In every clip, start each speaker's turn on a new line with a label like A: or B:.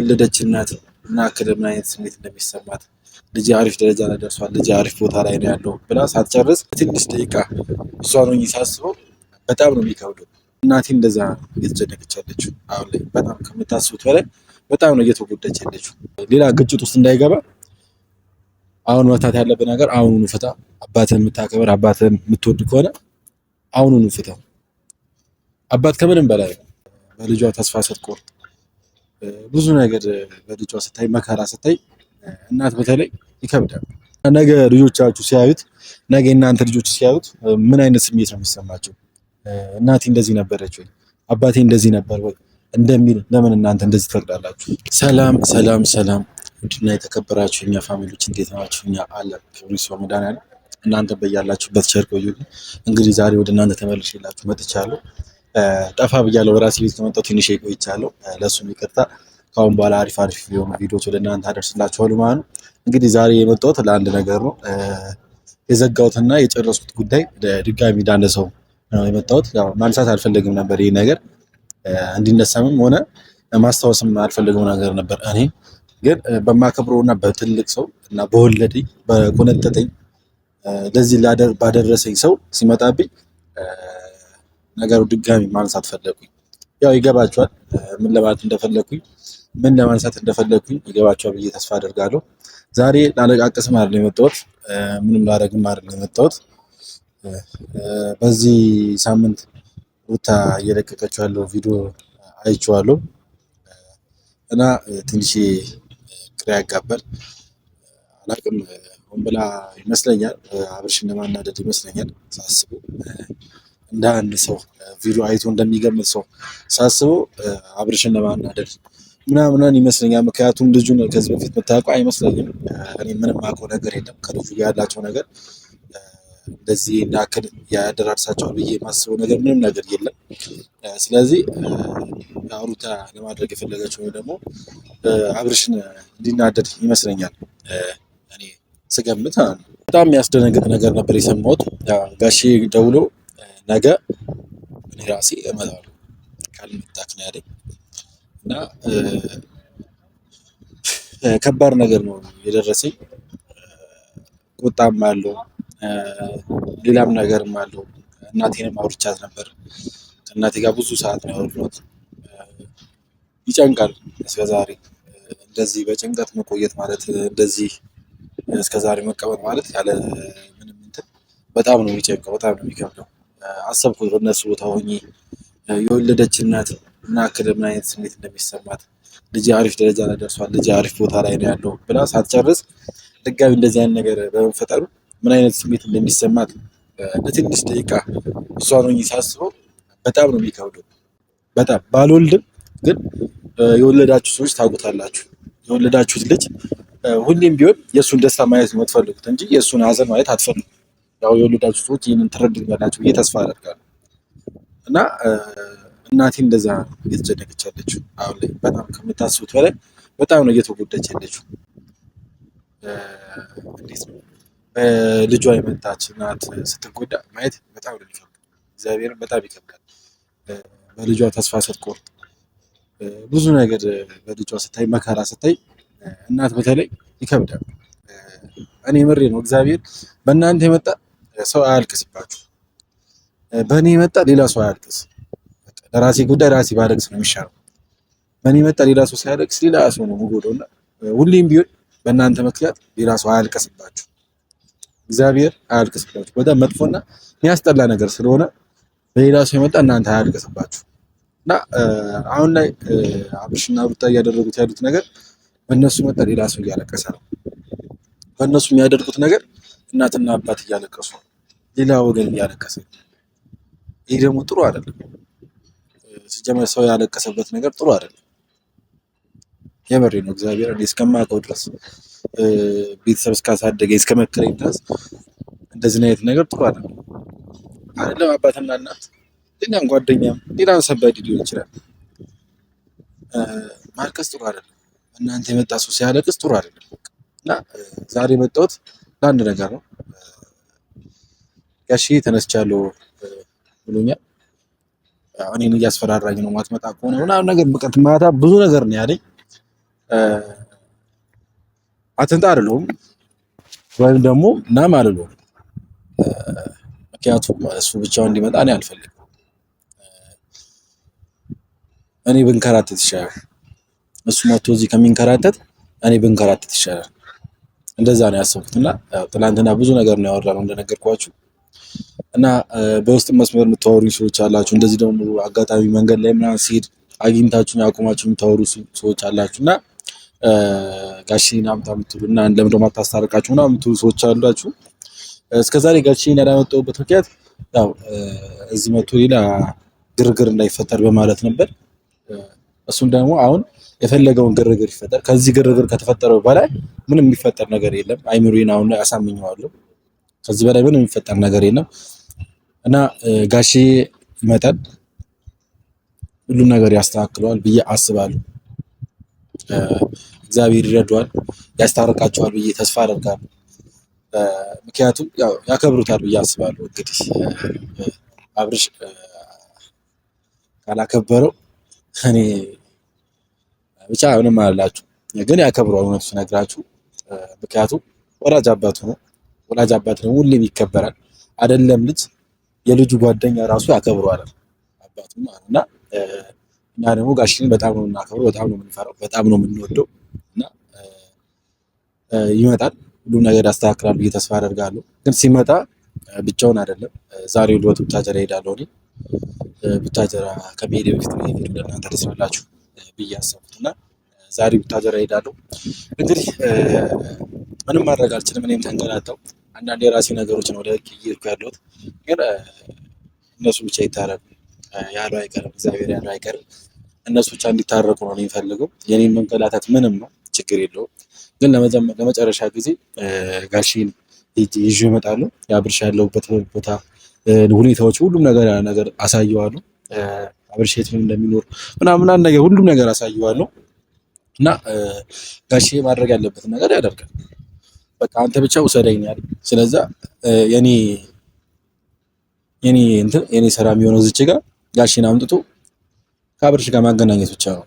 A: የወለደች እናት ምን ያክል ምን አይነት ስሜት እንደሚሰማት ልጅ አሪፍ ደረጃ ላይ ደርሷል፣ ልጅ አሪፍ ቦታ ላይ ነው ያለው ብላ ሳትጨርስ ትንሽ ደቂቃ እሷ ነው ሳስበው በጣም ነው የሚከብደው። እናቴ እንደዛ እየተጨነቀች ያለችው አሁን ላይ በጣም ከምታስቡት በላይ በጣም ነው እየተጎዳች ያለችው። ሌላ ግጭት ውስጥ እንዳይገባ አሁን መፍታት ያለብን ነገር አሁኑኑ ፍታ። አባትህን የምታከብር አባትህን የምትወድ ከሆነ አሁኑኑ ፍታ። አባት ከምንም በላይ በልጇ ተስፋ ስትቆርጥ ብዙ ነገር በልጇ ስታይ መከራ ስታይ እናት በተለይ ይከብዳል። ነገ ልጆቻችሁ ሲያዩት ነገ እናንተ ልጆች ሲያዩት ምን አይነት ስሜት ነው የሚሰማቸው? እናቴ እንደዚህ ነበረች ወይ አባቴ እንደዚህ ነበር ወይ እንደሚል ለምን እናንተ እንደዚህ ትፈቅዳላችሁ? ሰላም ሰላም ሰላም፣ ውድና የተከበራችሁ እኛ ፋሚሊዎች እንዴት ናችሁ? እኛ አለ ሪሶ መዳን ያለ እናንተ በያላችሁበት ቸር ቆዩ። እንግዲህ ዛሬ ወደ እናንተ ተመልሼላችሁ መጥቻለሁ። ጠፋ ብያለሁ። በራሴ ቤት ከመጣሁ ትንሽ ቆይቻለሁ። ለእሱ ይቅርታ። ከአሁን በኋላ አሪፍ አሪፍ የሆኑ ቪዲዮዎች ወደ እናንተ አደርስላችኋሉ ማለት ነው። እንግዲህ ዛሬ የመጣሁት ለአንድ ነገር ነው። የዘጋሁትና የጨረስኩት ጉዳይ ድጋሚ ሰው ነው የመጣሁት። ማንሳት አልፈለግም ነበር ይህ ነገር እንዲነሳምም ሆነ ማስታወስም አልፈለግም ነገር ነበር። እኔ ግን እና በትልቅ ሰው እና በወለደኝ በቆነጠጠኝ ለዚህ ባደረሰኝ ሰው ሲመጣብኝ ነገሩ ድጋሚ ማንሳት ፈለኩኝ። ያው ይገባቸዋል ምን ለማለት እንደፈለኩኝ ምን ለማንሳት እንደፈለኩኝ ይገባቸዋል ብዬ ተስፋ አደርጋለሁ። ዛሬ ላለቃቅስም አይደለም የመጣሁት፣ ምንም ላደርግም አይደለም የመጣሁት። በዚህ ሳምንት ሩታ እየለቀቀችው ያለው ቪዲዮ አይቼዋለሁ እና ትንሽ ግራ ያጋባል። አላቅም ሆን ይመስለኛል፣ አብርሽን ለማናደድ ይመስለኛል ሳስበው እንደ አንድ ሰው ቪዲዮ አይቶ እንደሚገምት ሰው ሳስበው አብርሽን ለማናደድ ምናምናን ይመስለኛል። ምክንያቱም ልጁን ከዚህ በፊት የምታውቀው አይመስለኝም። እኔ ምንም አውቀው ነገር የለም ከልጁ ያላቸው ነገር እንደዚህ እንዳክል ያደራርሳቸዋል ብዬ የማስበው ነገር ምንም ነገር የለም። ስለዚህ ሩታ ለማድረግ የፈለገችው ወይ ደግሞ አብርሽን እንዲናደድ ይመስለኛል እኔ ስገምት። በጣም የሚያስደነግጥ ነገር ነበር የሰማሁት ጋሼ ደውሎ ነገ እኔ ራሴ እመጣለሁ ካልመጣክ ነው ያለኝ እና ከባድ ነገር ነው የደረሰኝ። ቁጣም አለው ሌላም ነገርም አለው። እናቴንም አውርቻት ነበር። ከእናቴ ጋር ብዙ ሰዓት ነው ያወራሁት። ይጨንቃል። እስከዛሬ እንደዚህ በጭንቀት መቆየት ማለት እንደዚህ እስከዛሬ መቀመጥ ማለት ያለ ምንም እንትን በጣም ነው የሚጨንቀው፣ በጣም ነው የሚከብደው። አሰብኩት በእነሱ ቦታ ሆኜ የወለደች እናት ምን ያክል ምን አይነት ስሜት እንደሚሰማት ልጅ አሪፍ ደረጃ ላይ ደርሷል፣ ልጅ አሪፍ ቦታ ላይ ነው ያለው ብላ ሳትጨርስ ድጋሚ እንደዚህ አይነት ነገር በመፈጠሩ ምን አይነት ስሜት እንደሚሰማት ለትንሽ ደቂቃ እሷን ሆኜ ሳስበው በጣም ነው የሚከብደው። በጣም ባልወልድም ግን የወለዳችሁ ሰዎች ታውቁታላችሁ። የወለዳችሁት ልጅ ሁሌም ቢሆን የእሱን ደስታ ማየት ነው የምትፈልጉት እንጂ የእሱን ሀዘን ማየት አትፈልጉም። ያው የወለዳችሁ ሰዎች ይህንን ትረዱኛላችሁ ብዬ ተስፋ አደርጋለሁ። እና እናቴ እንደዛ እየተጨነቀች ያለችው አሁን ላይ በጣም ከምታስቡት በላይ በጣም ነው እየተጎዳች ያለችው። እንዴት ነው በልጇ የመጣች እናት ስትጎዳ ማየት በጣም ነው የሚከብድ። እግዚአብሔርን በጣም ይከብዳል። በልጇ ተስፋ ስትቆርጥ ብዙ ነገር በልጇ ስታይ መከራ ስታይ እናት በተለይ ይከብዳል። እኔ ምሬ ነው እግዚአብሔር በእናንተ የመጣ ሰው አያልቅስባችሁ። በእኔ የመጣ ሌላ ሰው አያልቅስ። ለራሴ ጉዳይ ራሴ ባለቅስ ነው የሚሻለው። በእኔ መጣ ሌላ ሰው ሲያለቅስ ሌላ ሰው ነው የምጎዳው እና ሁሌም ቢሆን በእናንተ ምክንያት ሌላ ሰው አያልቅስባችሁ። እግዚአብሔር አያልቅስባችሁ። በጣም መጥፎና የሚያስጠላ ነገር ስለሆነ በሌላ ሰው የመጣ እናንተ አያልቅስባችሁ። እና አሁን ላይ አብርሽና ሩታ እያደረጉት ያሉት ነገር በእነሱ መጣ ሌላ ሰው እያለቀሰ ነው። በእነሱ የሚያደርጉት ነገር እናትና አባት እያለቀሱ ነው። ሌላ ወገን እያለቀሰ ይህ ደግሞ ጥሩ አይደለም። ስጀመር ሰው ያለቀሰበት ነገር ጥሩ አይደለም። የምሬ ነው እግዚአብሔር እኔ እስከማውቀው ድረስ ቤተሰብ እስካሳደገ እስከመከረኝ ድረስ እንደዚህ አይነት ነገር ጥሩ አይደለም። አይደለም አባትና እናት፣ ሌላም ጓደኛም፣ ሌላም ሰባድ ሊሆን ይችላል። ማልቀስ ጥሩ አይደለም። እናንተ የመጣ ሰው ሲያለቅስ ጥሩ አይደለም። እና ዛሬ የመጣሁት ለአንድ ነገር ነው። ጋሽዬ ተነስቻለሁ ብሎኛል። እኔን እያስፈራራኝ ነው ማትመጣ ከሆነ ምናምን ነገር በቀት ማታ ብዙ ነገር ነው ያለኝ። አትንጣ አይደለሁም ወይም ደግሞ ናም አልለውም። ምክንያቱም እሱ ብቻው እንዲመጣ እኔ አልፈልግም። እኔ ብንከራተት ይሻላል፣ እሱ መጥቶ እዚህ ከሚንከራተት እኔ ብንከራተት ይሻላል። እንደዛ ነው ያሰብኩትና ትናንትና ብዙ ነገር ነው ያወራነው እንደነገርኳችሁ እና በውስጥ መስመር የምታወሩኝ ሰዎች አላችሁ። እንደዚህ ደግሞ አጋጣሚ መንገድ ላይ ምናምን ሲሄድ አግኝታችሁኝ አቁማችሁ የምታወሩ ሰዎች አላችሁ እና ጋሼን አምጣ የምትሉ እና ለምደ ደግሞ ምናምን የምትሉ ሰዎች አላችሁ። እስከዛሬ ጋሽን ያላመጣሁበት ምክንያት ያው እዚህ መቶ ሌላ ግርግር እንዳይፈጠር በማለት ነበር። እሱም ደግሞ አሁን የፈለገውን ግርግር ይፈጠር፣ ከዚህ ግርግር ከተፈጠረው በላይ ምንም የሚፈጠር ነገር የለም። አይምሮዬን አሁን ላይ አሳምኘዋለሁ። ከዚህ በላይ ምንም የሚፈጠር ነገር የለም እና ጋሼ ይመጣል፣ ሁሉም ነገር ያስተካክለዋል ብዬ አስባለሁ። እግዚአብሔር ይረዷል ያስታርቃቸዋል ብዬ ተስፋ አደርጋለሁ። ምክንያቱም ያከብሩታል ብዬ አስባለሁ። እንግዲህ አብርሽ ካላከበረው እኔ ብቻ ምንም አላችሁ፣ ግን ያከብረዋል እውነቱ ስነግራችሁ፣ ምክንያቱም ወላጅ አባቱ ነው። ወላጅ አባት ነው ሁሌም ይከበራል። አይደለም ልጅ የልጁ ጓደኛ ራሱ ያከብረዋል አባቱ ማለት እና እና ደግሞ ጋሽን በጣም ነው የምናከብረው፣ በጣም ነው የምንፈራው፣ በጣም ነው የምንወደው እና ይመጣል። ሁሉም ነገር ያስተካክላል ብዬ ተስፋ አደርጋለሁ። ግን ሲመጣ ብቻውን አይደለም። ዛሬ ሁሉ ወጥ ቡታጀራ እሄዳለሁ እኔ ቡታጀራ ከመሄዴ በፊት ነው ይሄዱ ለእናንተ ደስላላችሁ ብዬ አሰብኩት እና ዛሬ ቡታጀራ እሄዳለሁ። እንግዲህ ምንም ማድረግ አልችልም። እኔም ተንጠላጠው አንዳንድ የራሴ ነገሮችን ወደ ህግ እየሄድኩ ያለሁት ግን እነሱ ብቻ ይታረቁ ያሉ አይቀርም፣ እግዚአብሔር ያሉ አይቀርም። እነሱ ብቻ እንዲታረቁ ነው የሚፈልገው። የኔን መንቀላታት ምንም ነው ችግር የለውም። ግን ለመጨረሻ ጊዜ ጋሽን ይዤ እመጣለሁ። የአብርሻ ያለሁበት ቦታ ሁኔታዎች፣ ሁሉም ነገር ነገር አሳየዋለሁ። አብርሽ የት እንደሚኖር ምናምናን ነገር ሁሉም ነገር አሳየዋለሁ እና ጋሽ ማድረግ ያለበትን ነገር ያደርጋል። በቃ አንተ ብቻ ውሰደኝ ያለኝ። ስለዛ የኔ የኔ እንትን የኔ ስራ የሚሆነው እዚች ጋር ጋሽን አምጥቶ ከአብርሽ ጋር ማገናኘት ብቻ ነው።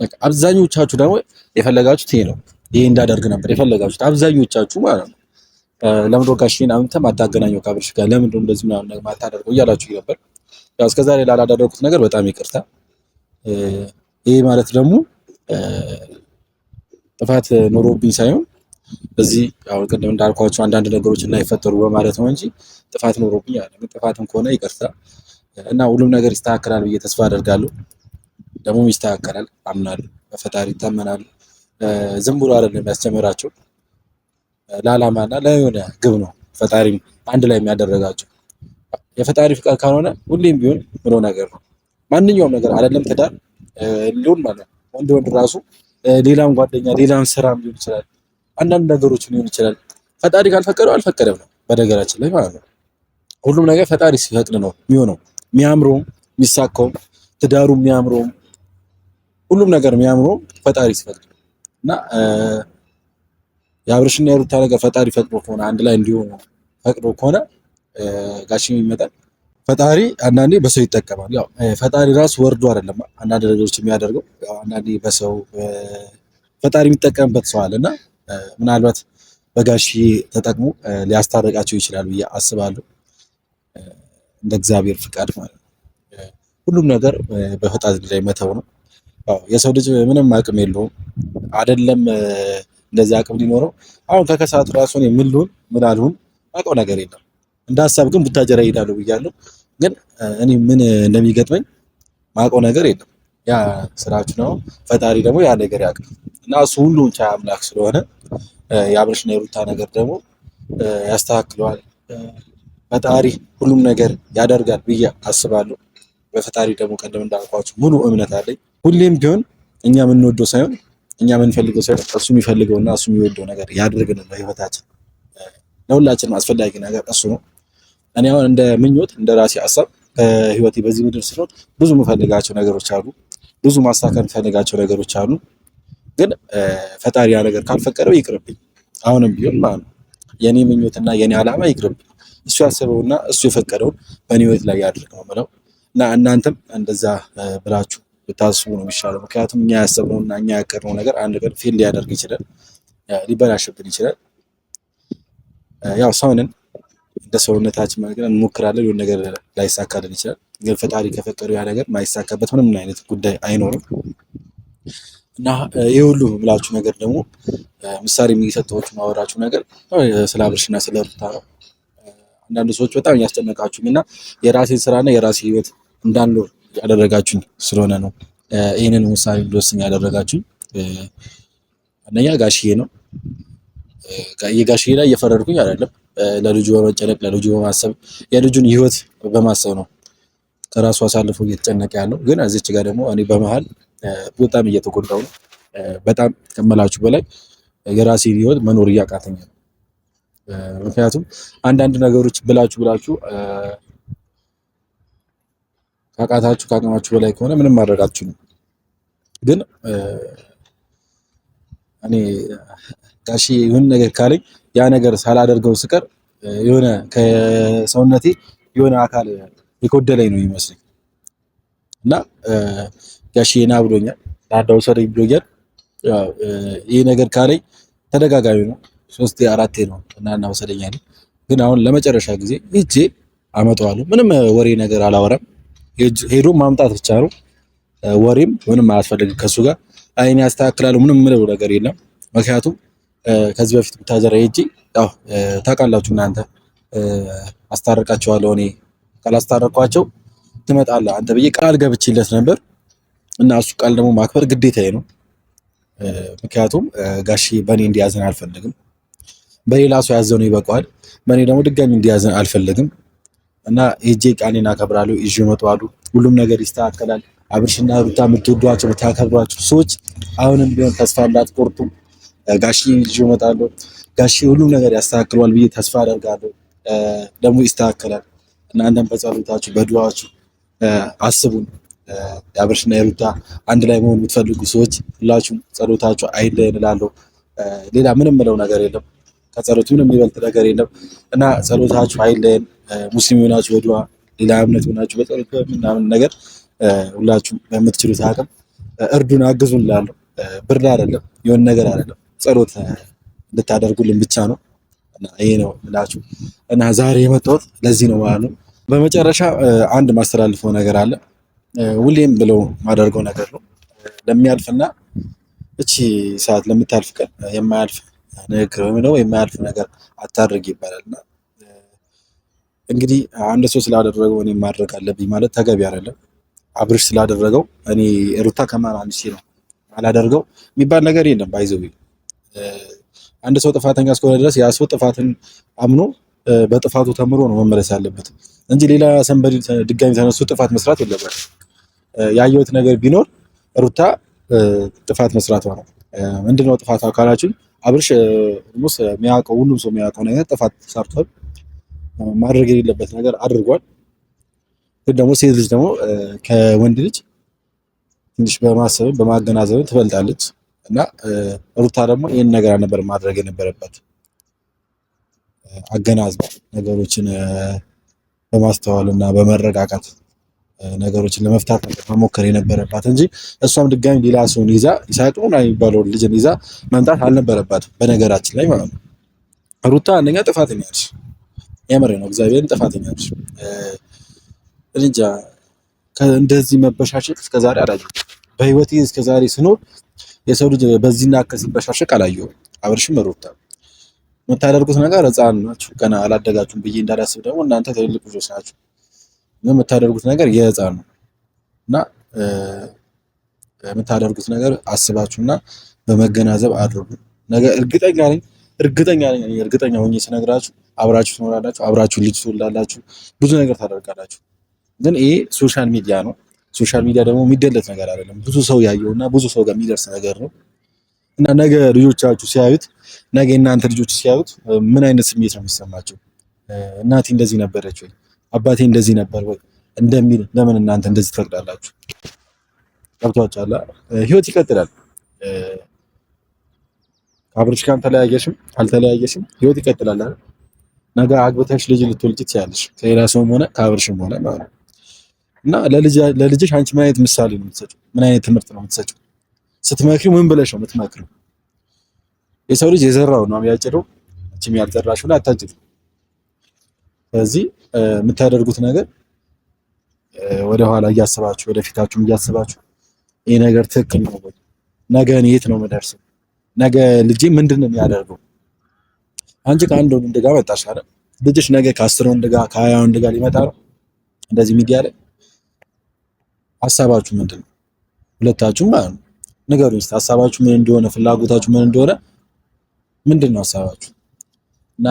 A: በቃ አብዛኞቻችሁ ደግሞ የፈለጋችሁት ይሄ ነው። ይሄ እንዳደርግ ነበር የፈለጋችሁት አብዛኞቻችሁ ማለት ነው። ለምዶ ጋሽን አምጥተህ ማታገናኘው ከአብርሽ ጋር ለምንድን እንደዚህ ምናምን ነገር ማታደርገው እያላችሁ ነበር። ያው እስከዛሬ ላላደረኩት ነገር በጣም ይቅርታ። ይሄ ማለት ደግሞ ጥፋት ኖሮብኝ ሳይሆን በዚህ አሁን ቅድም እንዳልኳቸው አንዳንድ ነገሮች እና ይፈጠሩ በማለት ነው እንጂ ጥፋት ኖሮብኝ አይደለም። ጥፋትም ከሆነ ይቅርታ እና ሁሉም ነገር ይስተካከላል ብዬ ተስፋ አደርጋለሁ። ደግሞ ይስተካከላል አምናለሁ። በፈጣሪ ይታመናሉ። ዝም ብሎ አይደለም ያስጀመራቸው ለዓላማ እና ለሆነ ግብ ነው ፈጣሪም አንድ ላይ የሚያደረጋቸው። የፈጣሪ ፍቃድ ካልሆነ ሁሌም ቢሆን ምሎ ነገር ነው ማንኛውም ነገር አይደለም ትዳር ሊሆን ማለት ወንድ ወንድ ራሱ ሌላም ጓደኛ ሌላም ስራም ሊሆን ይችላል አንዳንድ ነገሮች ሊሆን ይችላል። ፈጣሪ ካልፈቀደው አልፈቀደም ነው በነገራችን ላይ ማለት ነው። ሁሉም ነገር ፈጣሪ ሲፈቅድ ነው የሚሆነው። የሚያምረውም የሚሳካውም ትዳሩ የሚያምረውም ሁሉም ነገር የሚያምረውም ፈጣሪ ሲፈቅድ ነው እና የአብርሽና የሩታ ነገር ፈጣሪ ፈቅዶ ከሆነ አንድ ላይ እንዲሆኑ ፈቅዶ ከሆነ ጋሽም ይመጣል። ፈጣሪ አንዳንዴ በሰው ይጠቀማል። ያው ፈጣሪ ራሱ ወርዶ አይደለም አንዳንድ ነገሮች የሚያደርገው። ያው አንዳንዴ በሰው ፈጣሪ የሚጠቀምበት ሰው አለ እና ምናልባት በጋሺ ተጠቅሞ ሊያስታርቃቸው ይችላል ብዬ አስባለሁ። እንደ እግዚአብሔር ፍቃድ ማለት ነው። ሁሉም ነገር በፈጣሪ ላይ መተው ነው። የሰው ልጅ ምንም አቅም የለውም አይደለም። እንደዚህ አቅም ሊኖረው አሁን ከከሰዓቱ ራሱን እኔ ምን ልሁን ምን አልሁን አውቀው ነገር የለም። እንደ ሀሳብ ግን ቡታጀራ ይሄዳሉ ብያለሁ። ግን እኔ ምን እንደሚገጥመኝ ማውቀው ነገር የለም። ያ ስራችሁ ነው። ፈጣሪ ደግሞ ያ ነገር ያውቃል። እና እሱ ሁሉን ቻይ አምላክ ስለሆነ የአብርሽና የሩታ ነገር ደግሞ ያስተካክለዋል። ፈጣሪ ሁሉም ነገር ያደርጋል ብዬ አስባለሁ። በፈጣሪ ደግሞ ቀደም እንዳልኳቸው ሙሉ እምነት አለኝ። ሁሌም ቢሆን እኛ የምንወደው ሳይሆን እኛ የምንፈልገው ሳይሆን እሱ የሚፈልገውና እሱ የሚወደው ነገር ያድርግን ነው ህይወታችን። ለሁላችንም አስፈላጊ ነገር እሱ ነው። እኔ አሁን እንደ ምኞት እንደ ራሴ ሀሳብ በህይወቴ በዚህ ምድር ስኖር ብዙ የምፈልጋቸው ነገሮች አሉ። ብዙ ማሳካት የምፈልጋቸው ነገሮች አሉ። ግን ፈጣሪ ያ ነገር ካልፈቀደው ይቅርብኝ፣ አሁንም ቢሆን ማለት ነው የኔ ምኞትና የኔ ዓላማ ይቅርብኝ፣ እሱ ያሰበውና እሱ የፈቀደውን በእኔ ህይወት ላይ ያድርግ ነው የምለው እና እናንተም እንደዛ ብላችሁ ብታስቡ ነው የሚሻለው። ምክንያቱም እኛ ያሰብነውና እኛ ያቀድነው ነገር አንድ ቀን ፌል ሊያደርግ ይችላል፣ ሊበላሽብን ይችላል። ያው ሰውንን እንደ ሰውነታችን መግን እንሞክራለን፣ ሊሆን ነገር ላይሳካልን ይችላል። ግን ፈጣሪ ከፈቀደው ያ ነገር ማይሳካበት ምንም አይነት ጉዳይ አይኖርም። እና ይህ ሁሉ የምላችሁ ነገር ደግሞ ምሳሌ የሚሰጠዎች ማወራችሁ ነገር ስለ አብርሽና ስለ ሩታ ነው። አንዳንድ ሰዎች በጣም እያስጨነቃችሁኝ እና የራሴን ስራና የራሴ ህይወት እንዳልኖር ያደረጋችሁኝ ስለሆነ ነው ይህንን ውሳኔ እንድወስን ያደረጋችሁኝ። አንደኛ ጋሽዬ ነው። የጋሽዬ ላይ እየፈረድኩኝ አይደለም። ለልጁ በመጨነቅ ለልጁ በማሰብ የልጁን ህይወት በማሰብ ነው ከራሱ አሳልፎ እየተጨነቀ ያለው። ግን እዚች ጋር ደግሞ እኔ በመሀል በጣም እየተጎዳው ነው። በጣም ከመላችሁ በላይ የራሴን ህይወት መኖር እያቃተኝ ነው። ምክንያቱም አንዳንድ ነገሮች ብላችሁ ብላችሁ ካቃታችሁ ካቅማችሁ በላይ ከሆነ ምንም ማድረጋችሁ ነው። ግን እኔ ጋሺ ይሁን ነገር ካለኝ ያ ነገር ሳላደርገው ስቀር የሆነ ከሰውነቴ የሆነ አካል የጎደለኝ ነው ይመስለኝ እና ጋሽና ብሎኛል፣ ዳዳው ሰሪ ብሎኛል። ይሄ ነገር ካለኝ ተደጋጋሚ ነው፣ ሶስቴ አራቴ ነው እና እናወሰደኛል። ግን አሁን ለመጨረሻ ጊዜ ሄጄ አመጣዋለሁ። ምንም ወሬ ነገር አላወራም፣ ሄዶ ማምጣት ብቻ ነው። ወሬም ምንም አያስፈልግም ከሱ ጋር አይን ያስተካክላሉ። ምንም ምለው ነገር የለም። ምክንያቱም ከዚህ በፊት ብታዘራ ሄጄ ያው ታውቃላችሁ እናንተ አስታርቃቸዋለሁ እኔ ካላስታረኳቸው ትመጣለህ አንተ ብዬ ቃል ገብቼለት ነበር። እና እሱ ቃል ደግሞ ማክበር ግዴታዬ ነው። ምክንያቱም ጋሼ በእኔ እንዲያዝን አልፈልግም። በሌላ ሰው ነው ይበቀዋል በእኔ ደግሞ ድጋሚ እንዲያዝን አልፈልግም እና ሄጄ ቃኔን አከብራለሁ። ይዤ እመጣለሁ። ሁሉም ነገር ይስተካከላል። አብርሽና ሩታ የምትወዷቸው የምታከብሯቸው ሰዎች አሁንም ቢሆን ተስፋ እንዳትቆርጡም ጋሼ ይዤ እመጣለሁ። ጋሼ ሁሉም ነገር ያስተካክሏል ብዬ ተስፋ አደርጋለሁ። ደግሞ ይስተካከላል። እናንተም በጸሎታችሁ በድዋችሁ አስቡን። የአብርሽና የሩታ አንድ ላይ መሆን የምትፈልጉ ሰዎች ሁላችሁም ጸሎታችሁ አይለየን እላለሁ። ሌላ ምንም ምለው ነገር የለም። ከጸሎት ምንም የሚበልጥ ነገር የለም እና ጸሎታችሁ አይለየን። ሙስሊም የሆናችሁ ወድዋ ሌላ እምነት የሆናችሁ በጸሎት በምናምን ነገር ሁላችሁም በምትችሉት አቅም እርዱን፣ አግዙን እላለሁ። ብር አይደለም የሆን ነገር አይደለም፣ ጸሎት እንድታደርጉልን ብቻ ነው። ይሄ ነው ምላችሁ እና ዛሬ የመጣሁት ለዚህ ነው ማለት ነው። በመጨረሻ አንድ ማስተላልፈው ነገር አለ። ሁሌም ብለው ማደርገው ነገር ነው። ለሚያልፍና እቺ ሰዓት ለምታልፍ ቀን የማያልፍ ንግግር ወይም ደግሞ የማያልፍ ነገር አታድርግ ይባላል እንግዲህ አንድ ሰው ስላደረገው እኔ ማድረግ አለብኝ ማለት ተገቢ አይደለም። አብርሽ ስላደረገው እኔ ሩታ ከማን አንቺ ነው አላደርገው የሚባል ነገር የለም። ባይዘው አንድ ሰው ጥፋተኛ እስከሆነ ድረስ ያ ሰው ጥፋትን አምኖ በጥፋቱ ተምሮ ነው መመለስ ያለበት እንጂ ሌላ ሰንበድ ድጋሚ ተነሱ ጥፋት መስራት የለበትም። ያየሁት ነገር ቢኖር ሩታ ጥፋት መስራቷ ነው። ምንድነው ጥፋቷ አካላችን አብርሽ ሙስ የሚያውቀው ሁሉም ሰው የሚያውቀው ነገር ጥፋት ሰርቷል። ማድረግ የሌለበት ነገር አድርጓል። ግን ደግሞ ሴት ልጅ ደግሞ ከወንድ ልጅ ትንሽ በማሰብም በማገናዘብም ትበልጣለች እና ሩታ ደግሞ ይህን ነገር አልነበር ማድረግ የነበረበት። አገናዝባ ነገሮችን በማስተዋል እና በመረጋጋት ነገሮችን ለመፍታት መሞከር የነበረባት እንጂ እሷም ድጋሚ ሌላ ሰውን ይዛ ይሳቅን የሚባለውን ልጅን ይዛ መምጣት አልነበረባትም። በነገራችን ላይ ማለት ነው ሩታ አንደኛ ጥፋተኛ ነች። የምሬ ነው እግዚአብሔርን ጥፋተኛ ነች። እንጃ እንደዚህ መበሻሸቅ እስከዛሬ አላየሁም። በህይወት እስከዛሬ ስኖር የሰው ልጅ በዚህና ሲበሻሸቅ አላየሁም። አብርሽም ሩታ የምታደርጉት ነገር ህፃን ናችሁ ገና አላደጋችሁም ብዬ እንዳላስብ ደግሞ እናንተ ትልልቅ ልጆች ናችሁ። የምታደርጉት ነገር የህፃን ነው እና የምታደርጉት ነገር አስባችሁና በመገናዘብ አድርጉ። ነገ እርግጠኛ ነኝ እርግጠኛ ነኝ እርግጠኛ ሆኜ ስነግራችሁ አብራችሁ ትኖራላችሁ፣ አብራችሁ ልጅ ትወልዳላችሁ፣ ብዙ ነገር ታደርጋላችሁ። ግን ይሄ ሶሻል ሚዲያ ነው። ሶሻል ሚዲያ ደግሞ የሚደለት ነገር አይደለም። ብዙ ሰው ያየውና ብዙ ሰው ጋር የሚደርስ ነገር ነው እና ነገ ልጆቻችሁ ሲያዩት፣ ነገ እናንተ ልጆች ሲያዩት ምን አይነት ስሜት ነው የሚሰማቸው? እናቴ እንደዚህ ነበረች ወይ አባቴ እንደዚህ ነበር ወይ እንደሚል ለምን እናንተ እንደዚህ ትፈቅዳላችሁ? ገብቷችኋል? ህይወት ይቀጥላል። ከአብርሽ ጋር ተለያየሽም አልተለያየሽም ህይወት ይቀጥላል አይደል? ነገ አግብተሽ ልጅ ልትወልጂ ትችያለሽ፣ ከሌላ ሰውም ሆነ ከአብርሽም ሆነ ማለት ነው። እና ለልጅሽ አንቺ ምን አይነት ምሳሌ ነው የምትሰጪው? ምን አይነት ትምህርት ነው የምትሰጪው? ስትመክሪው ምን ብለሽ ነው የምትመክሪው? የሰው ልጅ የዘራው ነው ያጭደው፣ አንቺም ላይ አታጭድም። ስለዚህ የምታደርጉት ነገር ወደኋላ እያስባችሁ ወደፊታችሁም እያስባችሁ ይህ ነገር ትክክል ነው ወይ? ነገ እኔ የት ነው የምደርሰው? ነገ ልጄ ምንድን ነው የሚያደርገው? አንቺ ከአንድ ወንድ ጋር መጣሽ አይደል? ልጅሽ ነገ ከአስር ወንድ ጋር ከሀያ ወንድ ጋር ሊመጣ ነው። እንደዚህ ሚዲያ ላይ ሀሳባችሁ ምንድን ነው? ሁለታችሁ ማለት ነው። ንገሩኝ ሀሳባችሁ ምን እንደሆነ፣ ፍላጎታችሁ ምን እንደሆነ። ምንድን ነው ሀሳባችሁ? እና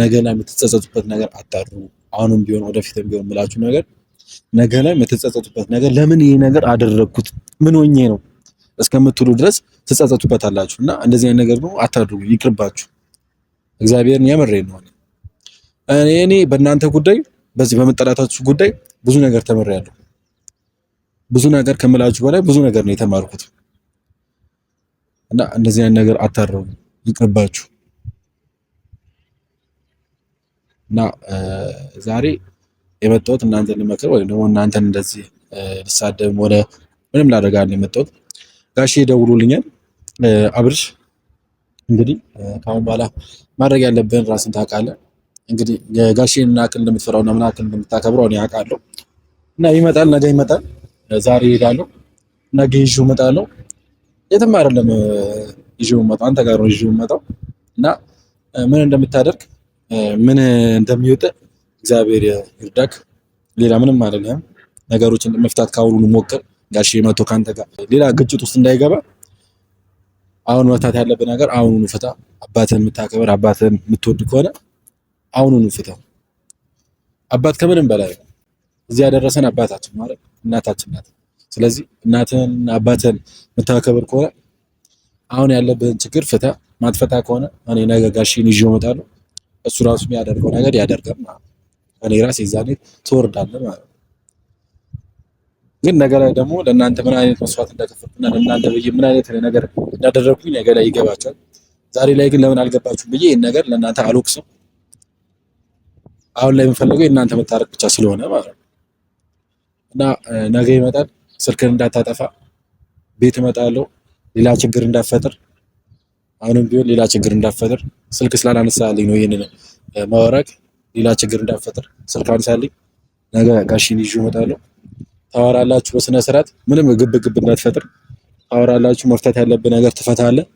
A: ነገ ላይ የምትጸጸቱበት ነገር አታሩ። አሁንም ቢሆን ወደፊትም ቢሆን የምላችሁ ነገር ነገ ላይ የምትጸጸቱበት ነገር ለምን ይሄ ነገር አደረግኩት ምን ሆኜ ነው እስከምትሉ ድረስ ትጸጸቱበት አላችሁ እና እንደዚህ አይነት ነገር ነው አታድርጉ፣ ይቅርባችሁ። እግዚአብሔርን የምሬ ነው። እኔ እኔ በእናንተ ጉዳይ በዚህ በመጠላታችሁ ጉዳይ ብዙ ነገር ተምሬያለሁ። ብዙ ነገር ከምላችሁ በላይ ብዙ ነገር ነው የተማርኩት እና እንደዚህ አይነት ነገር አታድርጉ፣ ይቅርባችሁ። እና ዛሬ የመጣሁት እናንተን ልመክር ወይም ደግሞ እናንተን እንደዚህ ልሳደብም ሆነ ምንም ላደርግ አይደለም የመጣሁት። ጋሼ ደውሎልኛል። አብርሽ እንግዲህ ከአሁን በኋላ ማድረግ ያለብን ራስን ታውቃለህ። እንግዲህ ጋሼን ምን ያክል እንደምትፈራው እና ምን ያክል እንደምታከብረው እኔ አውቃለሁ። እና ይመጣል፣ ነገ ይመጣል፣ ዛሬ እሄዳለሁ፣ ነገ ይዤው እመጣለሁ። የትም አይደለም ይዤው እመጣው፣ አንተ ጋር ነው ይዤው እመጣው እና ምን እንደምታደርግ ምን እንደሚወጣ እግዚአብሔር ይርዳክ። ሌላ ምንም አይደለም። ነገሮችን መፍታት ካሁኑ ሞክር። ጋሽ መቶ ካንተ ጋር ሌላ ግጭት ውስጥ እንዳይገባ አሁን መፍታት ያለብህ ነገር አሁኑኑ ፍታ። አባትህን የምታከብር አባትህን የምትወድ ከሆነ አሁኑኑ ፍታ። አባት ከምንም በላይ እዚህ ያደረሰን አባታችን ማለት እናታችን ናት። ስለዚህ እናትህን አባትህን የምታከብር ከሆነ አሁን ያለብህን ችግር ፍታ። ማትፈታ ከሆነ እኔ ነገ ጋሽን ይዤ እመጣለሁ። እሱ ራሱ የሚያደርገው ነገር ያደርጋል ማለት ነው። እኔ ራሴ ዛኔ ትወርዳለህ ማለት ነው። ግን ነገ ላይ ደግሞ ለእናንተ ምን አይነት መስዋዕት እንደከፈልኩና ለእናንተ ብዬ ምን አይነት ነገር እንዳደረግኩኝ ነገ ላይ ይገባቸዋል። ዛሬ ላይ ግን ለምን አልገባችሁም ብዬ ይህን ነገር ለእናንተ አልወቅስም። አሁን ላይ የምፈልገው የእናንተ መታረቅ ብቻ ስለሆነ ማለት ነው እና ነገ ይመጣል። ስልክን እንዳታጠፋ ቤት እመጣለሁ። ሌላ ችግር እንዳፈጥር አሁንም ቢሆን ሌላ ችግር እንዳፈጥር ስልክ ስላላነሳልኝ ነው። ይህንን ማወራቅ ሌላ ችግር እንዳፈጥር ስልክ አንሳልኝ። ነገ ጋሽን ይዤ እመጣለሁ። ታወራላችሁ በስነ ስርዓት፣ ምንም ግብ ግብ እንዳትፈጥር ታወራላችሁ። መፍታት ያለብህ ነገር ትፈታለህ።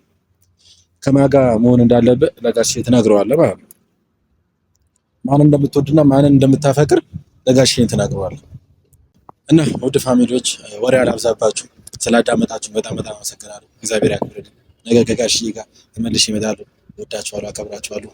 A: ከማጋ መሆን እንዳለብህ ለጋሽ ትነግረዋለህ ማለት ነው። ማንን እንደምትወድና ማንን እንደምታፈቅር ለጋሽ ትነግረዋለህ። እና ውድ ፋሚሊዎች ወሬ አላብዛባችሁ። ስላዳመጣችሁ በጣም በጣም አመሰግናለሁ። እግዚአብሔር ያክብርልኝ። ነገ ከጋሽዬ ጋር ተመልሼ እመጣለሁ። ወዳችኋለሁ፣ አከብራችኋለሁ።